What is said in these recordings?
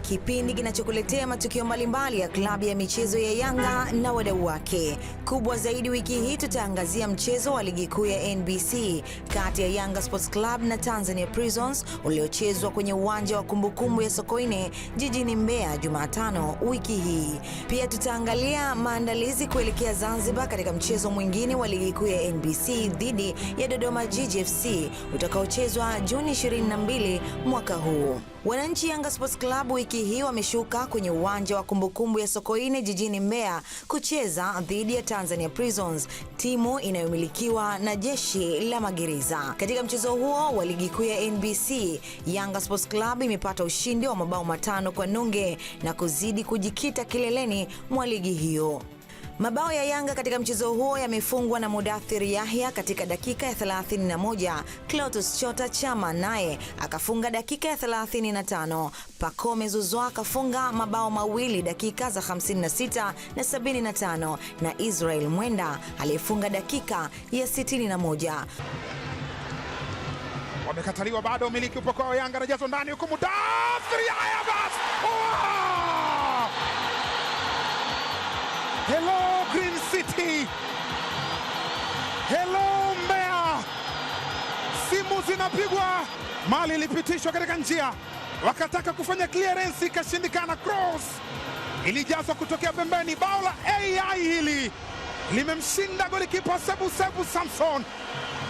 kipindi kinachokuletea matukio mbalimbali ya klabu ya michezo ya Yanga na wadau wake. Kubwa zaidi wiki hii tutaangazia mchezo wa ligi kuu ya NBC kati ya Yanga Sports Club na Tanzania Prisons uliochezwa kwenye uwanja wa kumbukumbu ya Sokoine jijini Mbeya Jumatano wiki hii. Pia tutaangalia maandalizi kuelekea Zanzibar katika mchezo mwingine wa ligi kuu ya NBC dhidi ya Dodoma Jiji FC utakaochezwa Juni 22 mwaka huu. Wananchi Yanga Sports Club wiki hii wameshuka kwenye uwanja wa kumbukumbu ya Sokoine jijini Mbeya kucheza dhidi ya Tanzania Prisons, timu inayomilikiwa na jeshi la magereza. Katika mchezo huo wa ligi kuu ya NBC, Yanga Sports Club imepata ushindi wa mabao matano kwa nunge na kuzidi kujikita kileleni mwa ligi hiyo. Mabao ya Yanga katika mchezo huo yamefungwa na Mudathir Yahya katika dakika ya 31, Clatous Chota Chama naye akafunga dakika ya 35, Pacome Zouzoua akafunga mabao mawili dakika za 56 na 75, na Israel Mwenda aliyefunga dakika ya 61. Wamekataliwa bado, umiliki upo kwao. Yanga anajazwa ndani huku Mudathir Yahya bas! Hello! City. Hello Mbeya, simu zinapigwa. Mali ilipitishwa katika njia, wakataka kufanya clearance ikashindikana, cross ilijazwa kutokea pembeni. Bao la AI hili limemshinda golikipa Sebu Sebu Samson,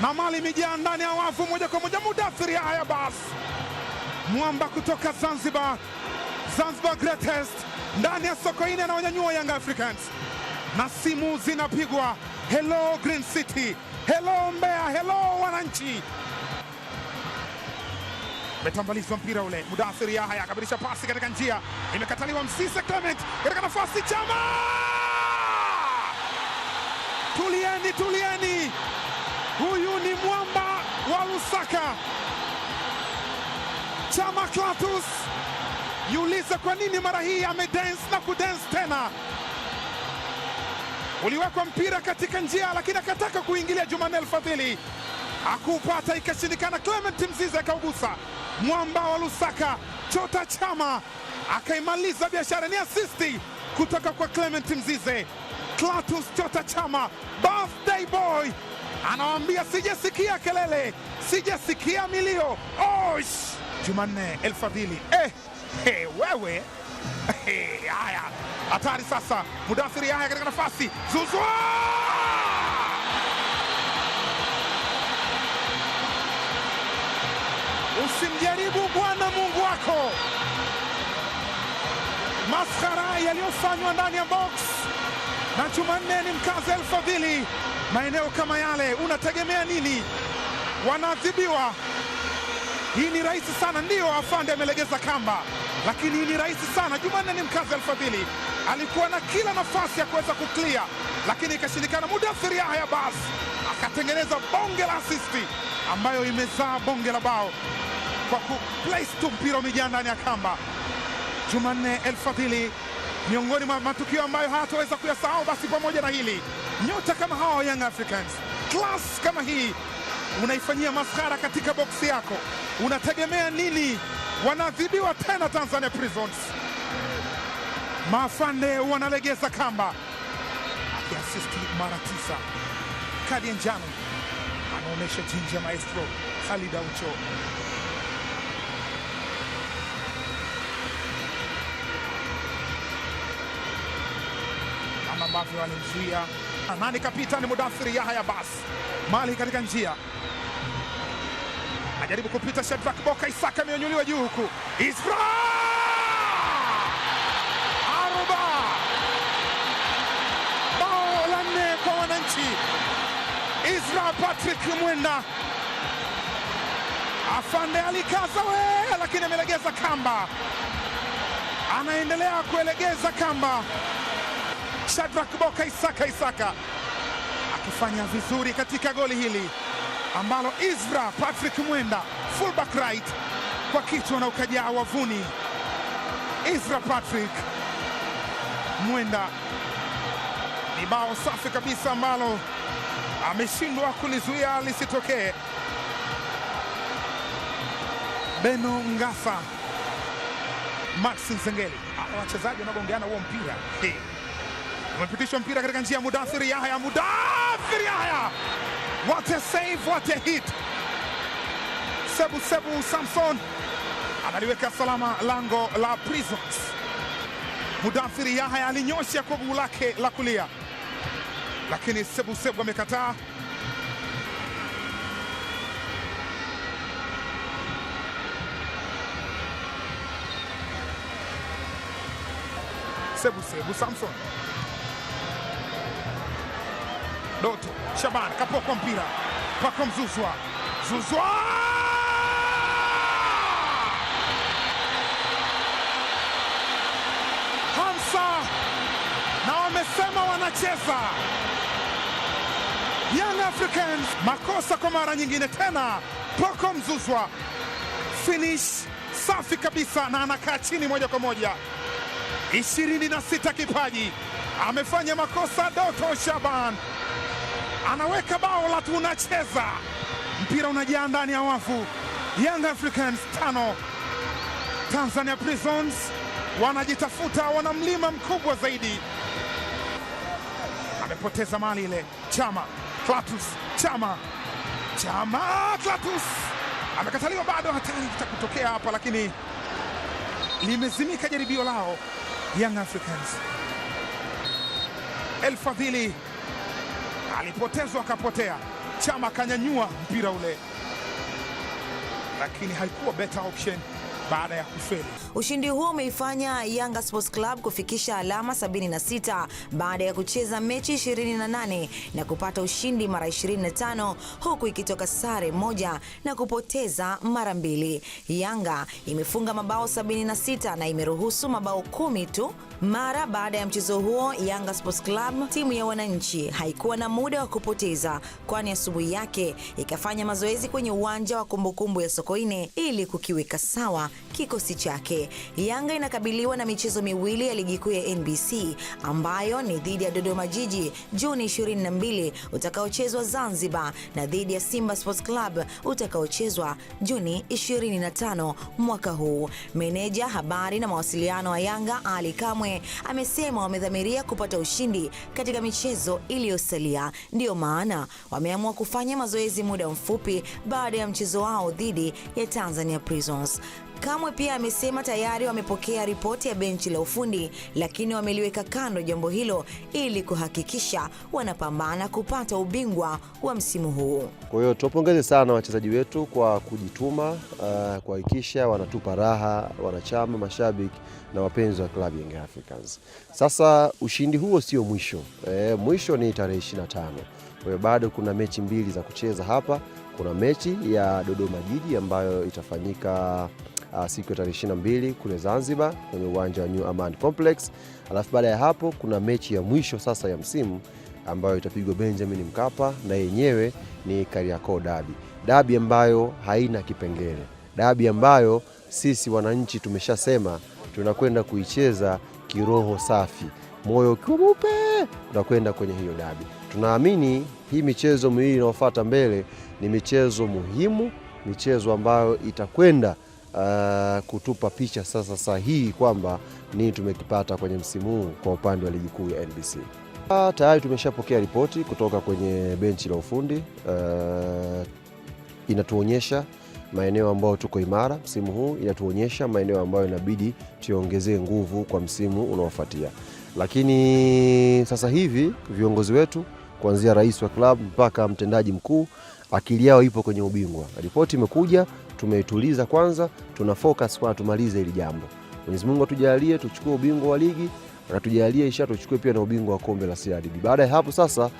na Mali imejaa ndani ya wavu moja kwa moja. Mudathiri haya mwamba kutoka Zanzibar, Zanzibar greatest ndani ya soko hili anawanyanyua Young Africans na simu zinapigwa. Hello Green City, hello Mbeya, hello wananchi. metambalizwa mpira ule. Mudasiri Yahya akabadilisha pasi katika njia, imekataliwa. Msise Clement katika nafasi, Chama! Tulieni, tulieni, huyu ni mwamba wa Lusaka. Chama Clatous, yulize kwa nini mara hii amedance na kudance tena uliwekwa mpira katika njia, lakini akataka kuingilia Jumanne Alfadhili akupata, ikashindikana. Clement Mzize akaugusa mwamba wa Lusaka. Chota Chama akaimaliza biashara, ni asisti kutoka kwa Clement Mzize. Clatous Chota Chama birthday boy anawaambia sijasikia kelele, sijasikia milio. Osh, Jumanne Elfadhili eh, hey, eh, wewe hey, eh, hatari sasa. Mudasiri Yahya katika nafasi, Zuzwa usimjaribu Bwana Mungu wako. Maskhara yaliyofanywa ndani ya box na Jumanne ni mkazi elfu mbili. Maeneo kama yale unategemea nini? Wanaadhibiwa. Hii ni rahisi sana. Ndiyo, afande amelegeza kamba, lakini hii ni rahisi sana. Jumanne ni mkazi elfu mbili alikuwa na kila nafasi ya kuweza kuklia, lakini ikashindikana. Mudathir Yahya bas akatengeneza bonge la asisti ambayo imezaa bonge la bao kwa kuplace tu mpira umejaa ndani ya kamba. Jumanne El Fadhili, miongoni mwa matukio ambayo hataweza kuyasahau. Basi pamoja na hili, nyota kama hawa Young Africans, class kama hii unaifanyia maskhara katika boksi yako, unategemea nini? Wanaadhibiwa tena Tanzania Prisons. Mafande wanalegeza kamba, akiasisti mara tisa. Kadi ya njano anaonyesha jinja maestro Khalid Aucho. Kama ambavyo alimzuia anani kapita, ni Mudathiri Yahya Bas mali katika njia ajaribu kupita Shadrack Boka, Isaka imeonyuliwa juu huku Patrick Mwenda. Afande alikaza we, lakini amelegeza kamba, anaendelea kuelegeza kamba. Shadrack Boka Isaka Isaka akifanya vizuri katika goli hili ambalo Izra Patrick Mwenda fullback right kwa kichwa na ukajaa wavuni. Izra Patrick Mwenda ni bao safi kabisa ambalo ameshindwa kulizuia lisitokee. Beno Ngafa, Maxi Nzengeli, hawa wachezaji wanagongeana huo mpira. Umepitishwa mpira katika njia ya Mudathiri Yahya. Mudathiri Yahya, what a save, what a hit! Sebu Sebu Samson analiweka salama lango la Prisons. Mudathiri Yahya alinyosha kwa guu lake la kulia lakini Sebusebu amekataa. Sebusebu Samson Doto Shaban kapokwa mpira pako Mzuzwa, Zuzwa hamsa na wamesema wanacheza Young Africans makosa kwa mara nyingine tena. Poko Mzuzwa finish safi kabisa, na anakaa chini moja kwa moja. ishirini na sita kipaji amefanya makosa. Doto Shaban anaweka bao la tunacheza mpira unajaa ndani ya wavu. Young Africans tano Tanzania Prisons wanajitafuta, wana mlima mkubwa zaidi. Amepoteza mali ile Chama. Clatous Chama, Chama Clatous amekataliwa, bado hatari kutokea hapa, lakini limezimika jaribio lao Young Africans. El Fadhili alipotezwa akapotea, Chama akanyanyua mpira ule, lakini haikuwa better option baada ya kufeli. Ushindi huo umeifanya Yanga Sports Club kufikisha alama 76 baada ya kucheza mechi 28 na kupata ushindi mara 25 huku ikitoka sare moja na kupoteza mara mbili. Yanga imefunga mabao 76 na imeruhusu mabao kumi tu. Mara baada ya mchezo huo, Yanga Sports Club, timu ya wananchi, haikuwa na muda wa kupoteza, kwani asubuhi yake ikafanya mazoezi kwenye uwanja wa kumbukumbu ya Sokoine ili kukiweka sawa kikosi chake. Yanga inakabiliwa na michezo miwili ya ligi kuu ya NBC ambayo ni dhidi ya Dodoma Jiji Juni 22 utakaochezwa Zanzibar na dhidi ya Simba Sports Club utakaochezwa Juni 25 mwaka huu. Meneja habari na mawasiliano wa Yanga Ali Kamwe amesema wamedhamiria kupata ushindi katika michezo iliyosalia, ndiyo maana wameamua kufanya mazoezi muda mfupi baada ya mchezo wao dhidi ya Tanzania Prisons. Kamwe pia amesema tayari wamepokea ripoti ya benchi la ufundi, lakini wameliweka kando jambo hilo ili kuhakikisha wanapambana kupata ubingwa wa msimu huu. Kwa hiyo tuwapongeze sana wachezaji wetu kwa kujituma, uh, kuhakikisha wanatupa raha wanachama, mashabiki na wapenzi wa klabu Young Africans. Sasa ushindi huo sio mwisho, e, mwisho ni tarehe 25. Kwa hiyo bado kuna mechi mbili za kucheza hapa. Kuna mechi ya Dodoma Jiji ambayo itafanyika Uh, siku ya tarehe 22 kule Zanzibar kwenye uwanja wa New Aman Complex. Alafu baada ya hapo kuna mechi ya mwisho sasa ya msimu ambayo itapigwa Benjamin Mkapa na yenyewe ni Kariakoo dabi, dabi ambayo haina kipengele, dabi ambayo sisi wananchi tumeshasema tunakwenda kuicheza kiroho safi, moyo ukiwa mweupe, tunakwenda kwenye hiyo dabi. Tunaamini hii michezo miwili inayofuata mbele ni michezo muhimu, michezo ambayo itakwenda uh, kutupa picha sasa sahihi kwamba nini tumekipata kwenye msimu huu kwa upande wa ligi kuu ya NBC. Uh, ah, tayari tumeshapokea ripoti kutoka kwenye benchi la ufundi uh, inatuonyesha maeneo ambayo tuko imara msimu huu, inatuonyesha maeneo ambayo inabidi tuongezee nguvu kwa msimu unaofuatia. Lakini sasa hivi viongozi wetu kuanzia rais wa klabu mpaka mtendaji mkuu, akili yao ipo kwenye ubingwa. Ripoti imekuja, tumeituliza kwanza, tuna focus kwa tumalize hili jambo. Mwenyezi Mungu atujalie tuchukue ubingwa wa ligi, akatujalie isha tuchukue pia na ubingwa wa kombe la CRDB. Baada ya hapo sasa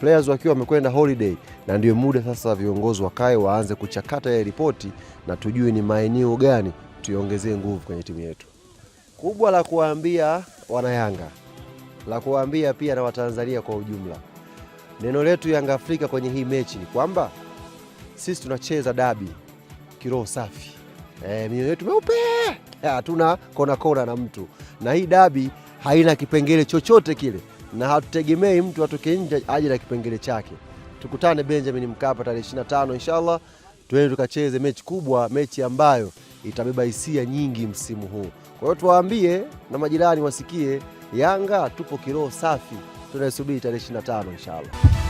players wakiwa wamekwenda holiday, na ndio muda sasa viongozi wakae waanze kuchakata ya ripoti na tujue ni maeneo gani tuiongezee nguvu kwenye timu yetu. Kubwa la kuwaambia wanayanga, la kuwaambia pia na Watanzania kwa ujumla, neno letu Yanga Afrika kwenye hii mechi ni kwamba sisi tunacheza dabi kiroho safi e, mioyo yetu meupe, hatuna kona kona na mtu, na hii dabi haina kipengele chochote kile, na hatutegemei mtu atoke nje aje na kipengele chake. Tukutane Benjamin Mkapa tarehe 25 inshallah, tuende tukacheze mechi kubwa, mechi ambayo itabeba hisia nyingi msimu huu. Kwa hiyo tuwaambie na majirani wasikie, Yanga tupo kiroho safi, tunasubiri tarehe 25 inshallah.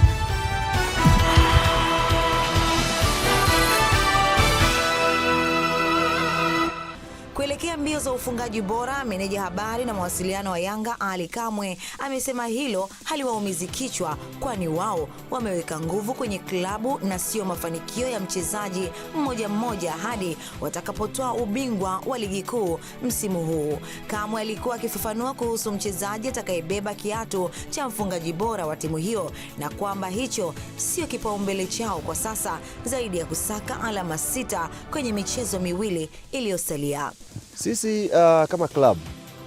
kuelekea mbio za ufungaji bora, meneja habari na mawasiliano wa Yanga Ali Kamwe amesema hilo haliwaumizi kichwa, kwani wao wameweka nguvu kwenye klabu na sio mafanikio ya mchezaji mmoja mmoja hadi watakapotoa ubingwa wa ligi kuu msimu huu. Kamwe alikuwa akifafanua kuhusu mchezaji atakayebeba kiatu cha mfungaji bora wa timu hiyo na kwamba hicho sio kipaumbele chao kwa sasa, zaidi ya kusaka alama sita kwenye michezo miwili iliyosalia. Sisi uh, kama club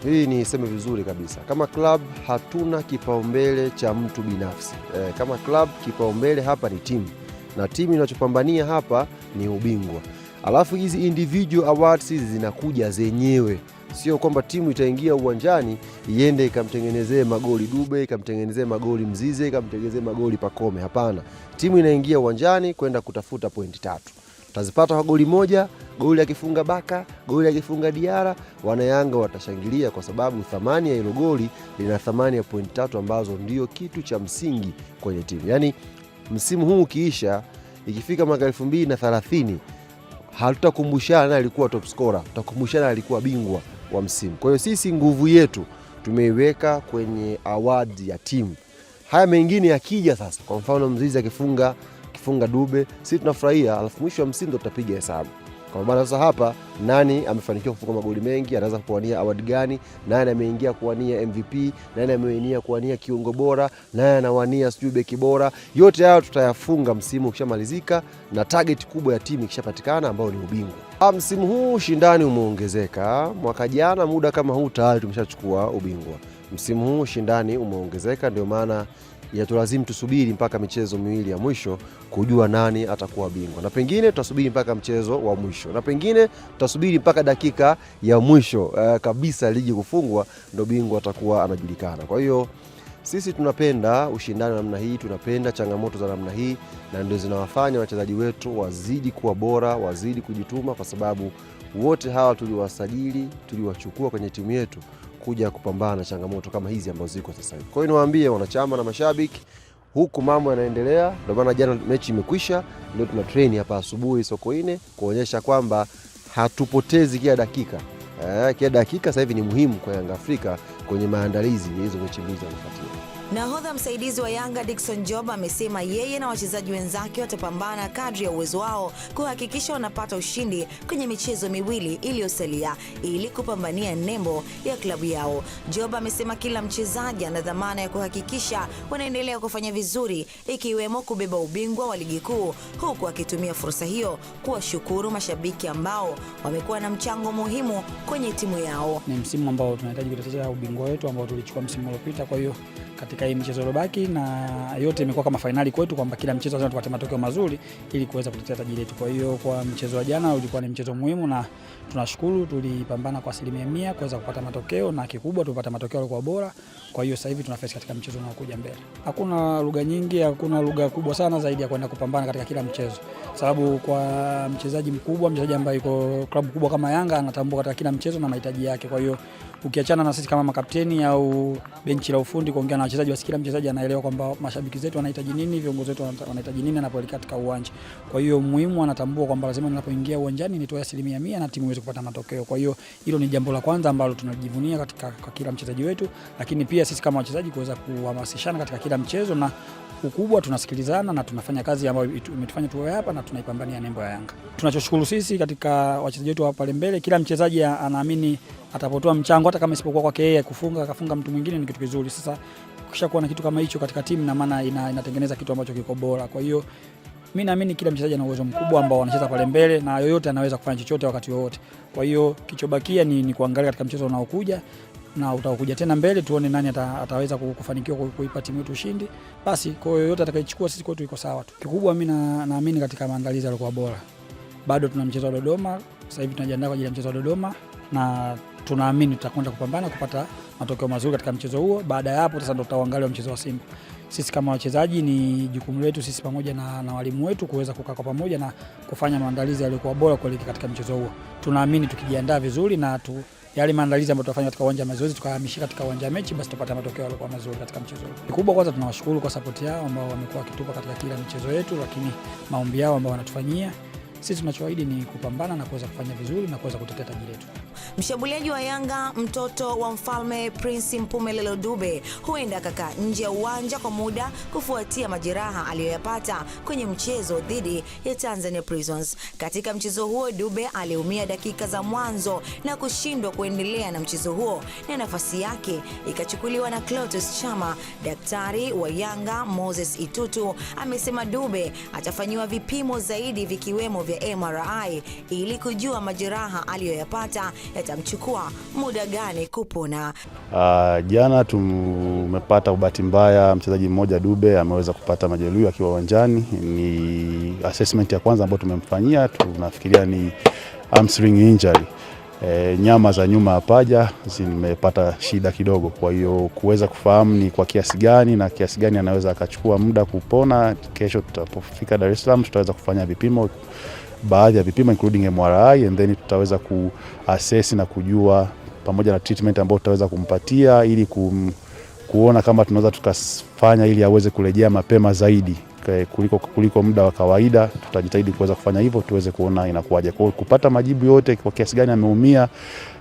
hii ni seme vizuri kabisa, kama club hatuna kipaumbele cha mtu binafsi. E, kama club kipaumbele hapa ni timu na timu inachopambania hapa ni ubingwa, alafu hizi individual awards zinakuja zenyewe. Sio kwamba timu itaingia uwanjani iende ikamtengenezee magoli Dube, ikamtengenezee magoli Mzize, ikamtengenezee magoli Pakome. Hapana, timu inaingia uwanjani kwenda kutafuta pointi tatu. Tazipata kwa goli moja, goli akifunga Baka, goli akifunga Diara, wanayanga watashangilia kwa sababu thamani ya hilo goli lina thamani ya pointi tatu ambazo ndio kitu cha msingi kwenye timu. Yaani msimu huu ukiisha, ikifika mwaka elfu mbili na thelathini hatutakumbushana alikuwa top scorer, tutakumbushana alikuwa bingwa wa msimu. Kwa hiyo sisi nguvu yetu tumeiweka kwenye award ya timu. Haya mengine yakija sasa, kwa mfano Mzizi akifunga akifunga Dube, sisi tunafurahia, alafu mwisho wa msimu tutapiga hesabu kwa maana sasa hapa nani amefanikiwa kufunga magoli mengi, anaweza kuwania award gani, nani ameingia kuwania MVP, nani ameingia kuwania kiungo bora, nani anawania sijui beki bora. Yote hayo tutayafunga msimu ukishamalizika na target kubwa ya timu ikishapatikana ambayo ni ubingwa. Ah, msimu huu ushindani umeongezeka. Mwaka jana muda kama huu tayari tumeshachukua ubingwa. Msimu huu ushindani umeongezeka, ndio maana yatulazimu tusubiri mpaka michezo miwili ya mwisho kujua nani atakuwa bingwa, na pengine tutasubiri mpaka mchezo wa mwisho, na pengine tutasubiri mpaka dakika ya mwisho uh, kabisa ligi kufungwa ndo bingwa atakuwa anajulikana. Kwa hiyo sisi tunapenda ushindani wa namna hii, tunapenda changamoto za namna hii, na ndio zinawafanya wachezaji wetu wazidi kuwa bora, wazidi kujituma, kwa sababu wote hawa tuliwasajili, tuliwachukua kwenye timu yetu kuja kupambana na changamoto kama hizi ambazo ziko sasa hivi. Kwa hiyo niwaambie wanachama na mashabiki huku mambo yanaendelea, ndio maana jana mechi imekwisha, leo tuna train hapa asubuhi Sokoine kuonyesha kwamba hatupotezi kila dakika. Eh, kila dakika sasa hivi ni muhimu kwa Yanga Afrika kwenye maandalizi hizo mechi mbili Nahodha msaidizi wa Yanga Dickson Job amesema yeye na wachezaji wenzake watapambana kadri ya uwezo wao kuhakikisha wanapata ushindi kwenye michezo miwili iliyosalia ili kupambania nembo ya klabu yao. Job amesema kila mchezaji ana dhamana ya kuhakikisha wanaendelea kufanya vizuri ikiwemo kubeba ubingwa wa ligi kuu, huku akitumia fursa hiyo kuwashukuru mashabiki ambao wamekuwa na mchango muhimu kwenye timu yao. Ni msimu ambao tunahitaji kutetea ubingwa mchangao wetu ambao tulichukua msimu uliopita. Kwa hiyo katika hii michezo iliyobaki, na yote imekuwa kama fainali kwetu, kwamba kila mchezo lazima tupate matokeo mazuri ili kuweza kutetea taji letu. Kwa hiyo kwa mchezo wa jana ulikuwa ni mchezo muhimu, na tunashukuru tulipambana kwa asilimia mia kuweza kupata matokeo, na kikubwa tupata matokeo yalikuwa bora. Kwa hiyo sasa hivi tuna face katika mchezo unaokuja mbele. Hakuna lugha nyingi, hakuna lugha kubwa sana zaidi ya kwenda kupambana katika kila mchezo, sababu kwa mchezaji mkubwa, mchezaji ambaye yuko klabu kubwa kama Yanga anatambua katika kila mchezo na mahitaji yake. Kwa hiyo ukiachana na sisi kama makapteni au benchi la ufundi kuongea na wachezaji basi, kila mchezaji anaelewa kwamba mashabiki zetu wanahitaji nini, viongozi wetu wanahitaji nini anapoelekea katika uwanja. Kwa hiyo muhimu, anatambua kwamba lazima ninapoingia uwanjani nitoe asilimia mia na timu iweze kupata matokeo. Kwa hiyo hilo ni jambo la kwanza ambalo tunajivunia katika kwa kila mchezaji wetu, lakini pia sisi kama wachezaji kuweza kuhamasishana katika kila mchezo na ukubwa tunasikilizana na tunafanya kazi ambayo imetufanya tuwe hapa na tunaipambania nembo ya Yanga. Tunachoshukuru sisi katika wachezaji wetu wa pale mbele, kila mchezaji anaamini atapotoa mchango, hata kama isipokuwa kwake yeye kufunga akafunga mtu mwingine ni kitu kizuri. Sasa kusha kuwa na kitu kama hicho katika timu na maana ina, inatengeneza kitu ambacho kiko bora. Kwa hiyo mi naamini kila mchezaji ana uwezo mkubwa ambao anacheza pale mbele na yoyote anaweza kufanya chochote wakati wowote. Kwa hiyo kichobakia ni, ni kuangalia katika mchezo unaokuja na utakuja tena mbele tuone nani ata, ataweza kufanikiwa kuipa timu yetu ushindi. Basi kwa yoyote atakayechukua, sisi kwetu iko sawa tu. Kikubwa mi naamini katika maandalizi yalikuwa bora. Bado tuna mchezo wa Dodoma, sasa hivi tunajiandaa kwa ajili ya mchezo wa Dodoma na tunaamini tutakwenda kupambana kupata matokeo mazuri katika mchezo huo. Baada ya hapo sasa ndo tutaangalia mchezo wa Simba. Sisi kama wachezaji, ni jukumu letu sisi pamoja na, na walimu wetu kuweza kukaa kwa pamoja na kufanya maandalizi yaliyokuwa bora kuelekea katika mchezo huo. Tunaamini tukijiandaa vizuri na tu, yale maandalizi ambayo tutafanya katika uwanja wa mazoezi tukahamisha katika uwanja wa mechi, basi tupate matokeo yaliyokuwa mazuri katika mchezo huo. Kikubwa kwanza, tunawashukuru kwa sapoti yao ambao wamekuwa wakitupa katika kila michezo yetu, lakini maombi yao ambao wanatufanyia sisi tunachoahidi ni kupambana na kuweza kufanya vizuri na kuweza kutetea taji letu. Mshambuliaji wa Yanga mtoto wa mfalme Prince Mpumelelo Dube huenda akakaa nje ya uwanja kwa muda kufuatia majeraha aliyoyapata kwenye mchezo dhidi ya Tanzania Prisons. Katika mchezo huo, Dube aliumia dakika za mwanzo na kushindwa kuendelea na mchezo huo na nafasi yake ikachukuliwa na Clotus Chama. Daktari wa Yanga Moses Itutu amesema Dube atafanyiwa vipimo zaidi vikiwemo vya the MRI ili kujua majeraha aliyoyapata yatamchukua muda gani kupona. Uh, jana tumepata ubati mbaya, mchezaji mmoja Dube ameweza kupata majeruhi akiwa uwanjani. Ni assessment ya kwanza ambayo tumemfanyia, tunafikiria ni hamstring injury. E, nyama za nyuma ya paja zimepata shida kidogo, kwa hiyo kuweza kufahamu ni kwa kiasi gani na kiasi gani anaweza akachukua muda kupona, kesho tutapofika Dar es Salaam tutaweza kufanya vipimo baadhi ya vipimo including MRI and then tutaweza kuassess na kujua pamoja na treatment ambayo tutaweza kumpatia ili kum, kuona kama tunaweza tukafanya ili aweze kurejea mapema zaidi eh, kuliko, kuliko muda wa kawaida. Tutajitahidi kuweza kufanya hivyo tuweze kuona inakuwaje, kwa kupata majibu yote, kwa kiasi gani ameumia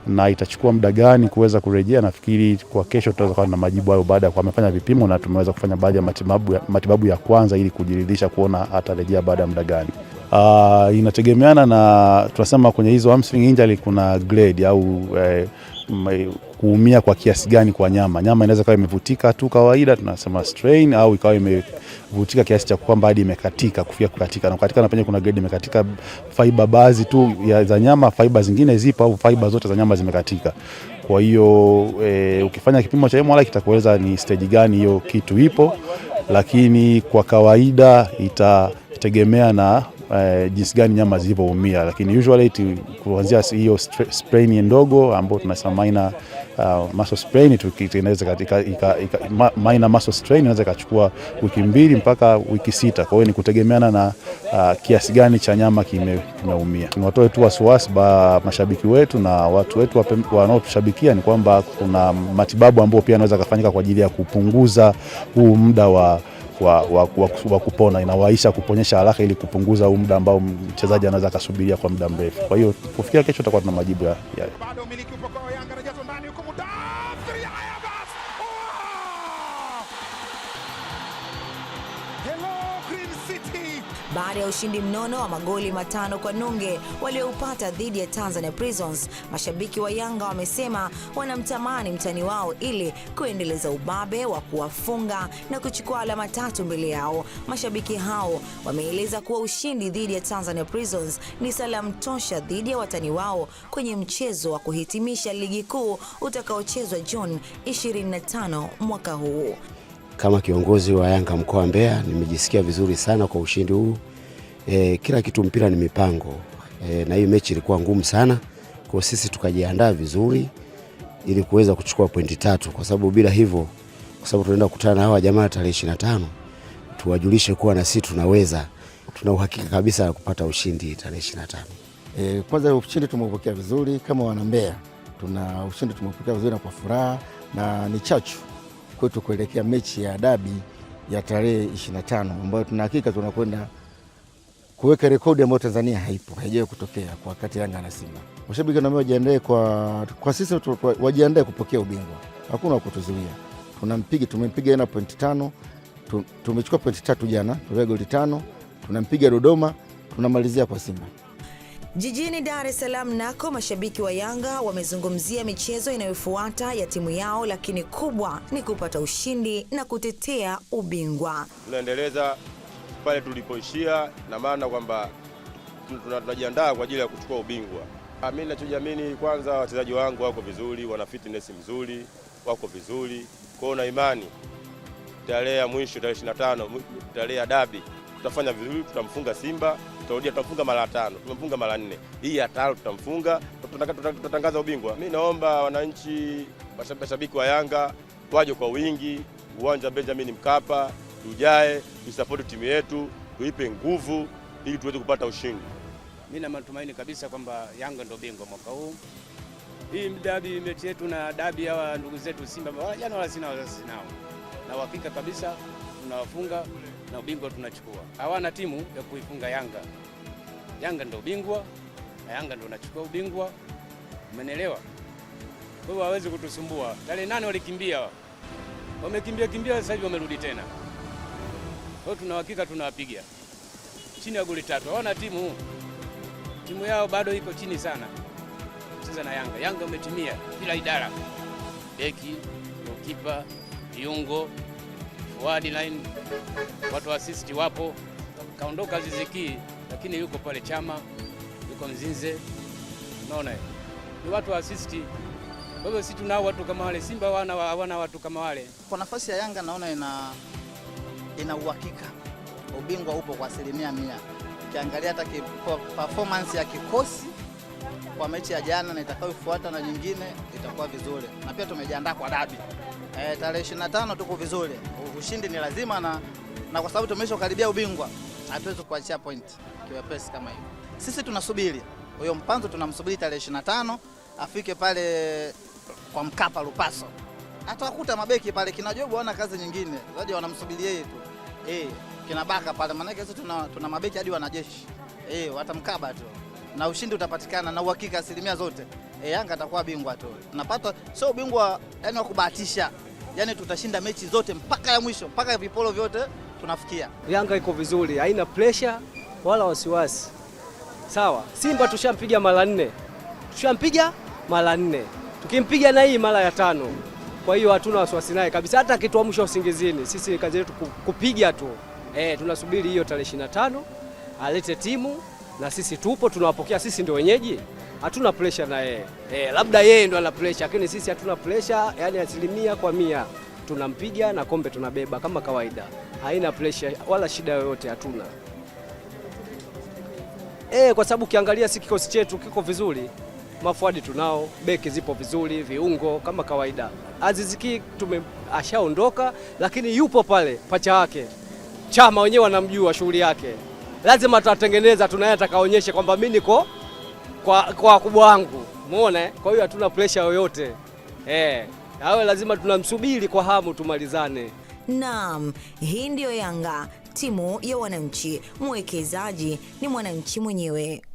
na itachukua muda gani kuweza kurejea. Nafikiri kwa kesho tutaweza kuwa na majibu hayo baada ya kwa amefanya vipimo na tumeweza kufanya baadhi ya matibabu ya, matibabu ya kwanza ili kujiridhisha kuona atarejea baada ya muda gani. Uh, inategemeana na tunasema kwenye hizo hamstring injury kuna grade au eh, mm, eh kuumia kwa kiasi gani kwa nyama. Nyama inaweza kawa imevutika tu kawaida tunasema strain, au ikawa imevutika kiasi cha kwamba hadi imekatika kufia kukatika, na kukatika na penye kuna grade imekatika fiber baadhi tu ya za nyama, fiber zingine zipo au fiber zote za nyama zimekatika. Kwa hiyo e, ukifanya kipimo cha MRI kitakueleza ni stage gani hiyo kitu ipo, lakini kwa kawaida ita inategemea na uh, jinsi gani nyama zilivyoumia, lakini usually kuanzia hiyo sprain ndogo ambayo tunasema minor uh, muscle sprain inaweza minor muscle strain inaweza ikachukua wiki mbili mpaka wiki sita. Kwa hiyo ni kutegemeana na uh, kiasi gani cha nyama kimeumia. Kime niwatoe tu wasiwasi ba mashabiki wetu na watu wetu wanaotushabikia ni kwamba kuna matibabu ambayo pia anaweza kufanyika kwa ajili ya kupunguza huu muda wa wa, wa, wa, wa kupona inawaisha kuponyesha haraka ili kupunguza huu muda ambao mchezaji anaweza akasubiria kwa muda mrefu. Kwa hiyo kufikia kesho tutakuwa tuna majibu ya, ya. Hello, Green City baada ya ushindi mnono wa magoli matano kwa nunge walioupata dhidi ya Tanzania Prisons. Mashabiki wa Yanga wamesema wanamtamani mtani wao ili kuendeleza ubabe wa kuwafunga na kuchukua alama tatu mbele yao. Mashabiki hao wameeleza kuwa ushindi dhidi ya Tanzania Prisons ni salamu tosha dhidi ya watani wao kwenye mchezo wa kuhitimisha ligi kuu utakaochezwa Juni 25 mwaka huu. Kama kiongozi wa Yanga mkoa wa Mbeya nimejisikia vizuri sana kwa ushindi huu. E, kila kitu mpira ni mipango e, na hii mechi ilikuwa ngumu sana kwa sisi, tukajiandaa vizuri ili kuweza kuchukua pointi tatu, kwa sababu bila hivyo, kwa sababu tunaenda kukutana na hawa jamaa tarehe 25, tuwajulishe kuwa na sisi tunaweza, tuna uhakika kabisa kupata ushindi tarehe 25. E, kwanza ushindi tumeupokea vizuri kama wana Mbeya, tuna ushindi tumeupokea vizuri na kwa furaha na ni chachu kwetu kuelekea mechi ya dabi ya tarehe 25 ambayo tuna hakika tunakwenda kuweka rekodi ambayo Tanzania haipo haijawahi kutokea kwa wakati Yanga na Simba. Mashabiki naambia wajiandae kwa, kwa sisi wajiandae kupokea ubingwa, hakuna wakutuzuia. Tunampiga, tumempiga na pointi tano, tumechukua pointi tatu jana, tumepiga goli tano, tunampiga Dodoma, tunamalizia kwa Simba. Jijini Dar es Salaam nako mashabiki wa Yanga wamezungumzia michezo inayofuata ya timu yao, lakini kubwa ni kupata ushindi na kutetea ubingwa. Tunaendeleza pale tulipoishia, na maana kwamba tunajiandaa kwa ajili ya kuchukua ubingwa. Ah, mi nachojiamini kwanza, wachezaji wangu wako vizuri, wana fitness mzuri, wako vizuri kwao, na imani tarehe ya mwisho, tarehe 25, tarehe ya dabi, tutafanya vizuri, tutamfunga Simba tutarudia, tutamfunga mara tano, tumemfunga mara nne, hii ya tano tutamfunga, tutatangaza ubingwa. Mi naomba wananchi, mashabiki wa Yanga waje kwa wingi uwanja Benjamin Mkapa, tujae tuisapoti timu yetu, tuipe nguvu ili tuweze kupata ushindi. Mi na matumaini kabisa kwamba Yanga ndio bingwa mwaka huu. Hii dabi mechi yetu na dabi hawa ndugu zetu Simba wajana wala sina wazazi nao, na uhakika kabisa tunawafunga na ubingwa tunachukua. Hawana timu ya kuifunga Yanga. Yanga ndio ubingwa na Yanga ndio unachukua ubingwa, umenielewa? Kwa hiyo hawezi kutusumbua. Tarehe nane walikimbia, wamekimbia kimbia, sasa hivi wamerudi tena. Kwa hiyo tuna hakika tunawapiga chini ya goli tatu. Hawana timu, timu yao bado iko chini sana kucheza na Yanga. Yanga umetimia kila idara, beki, kipa, viungo wadi line, watu wa assist wapo. Kaondoka zizikii, lakini yuko pale chama, yuko Mzinze. Unaona ni watu wa assist. Kwa hiyo sisi tunao watu kama wale. Simba wana watu kama wale. Kwa nafasi ya Yanga naona ina ina uhakika, ubingwa upo kwa asilimia mia. Ukiangalia hata performance ya kikosi kwa mechi ya jana na itakayofuata na nyingine itakuwa vizuri, na pia tumejiandaa kwa dabi. Eh, tarehe 25 tuko vizuri, ushindi ni lazima na, na kwa sababu karibia ubingwa hatuwezi kuachia point kiwepesi kama hivi. Sisi tunasubiri huyo mpanzo, tunamsubiri tarehe 25 afike pale kwa Mkapa Lupaso, atawakuta mabeki pale kina Jobu wana kazi nyingine zaidi, wanamsubiri yeye tu eh, kina Baka pale, maana sisi tuna, tuna mabeki hadi wanajeshi eh, watamkaba tu na ushindi utapatikana na uhakika asilimia zote e, Yanga atakuwa bingwa tu. Tunapata sio bingwa yani wa kubahatisha, yani tutashinda mechi zote mpaka ya mwisho, mpaka vipolo vyote tunafikia. Yanga iko vizuri, haina pressure wala wasiwasi. Sawa, Simba tushampiga mara nne, tushampiga mara nne, tukimpiga na hii mara ya tano. Kwa hiyo hatuna wasiwasi naye kabisa, hata akituamsha usingizini. Sisi kazi yetu kupiga tu. Eh, tunasubiri hiyo tarehe 25 alete timu na sisi tupo, tunawapokea. Sisi ndio wenyeji hatuna pressure na yeye eh, labda yeye ndo ana pressure, lakini sisi hatuna pressure, yani asilimia kwa mia tunampiga na kombe tunabeba kama kawaida, haina pressure wala shida yoyote hatuna. eh, kwa sababu ukiangalia si kikosi chetu kiko vizuri, mafuadi tunao, beki zipo vizuri, viungo kama kawaida. Aziziki tume ashaondoka, lakini yupo pale pacha wake Chama wenyewe wanamjua shughuli yake, lazima tutatengeneza, tunaye atakaonyesha kwamba mimi niko kwa kwa wakubwa wangu, muone. Eh? Kwa hiyo hatuna pressure yoyote eh, awe lazima tunamsubiri kwa hamu tumalizane. Naam, hii ndiyo Yanga, timu ya wananchi. Mwekezaji ni mwananchi mwenyewe.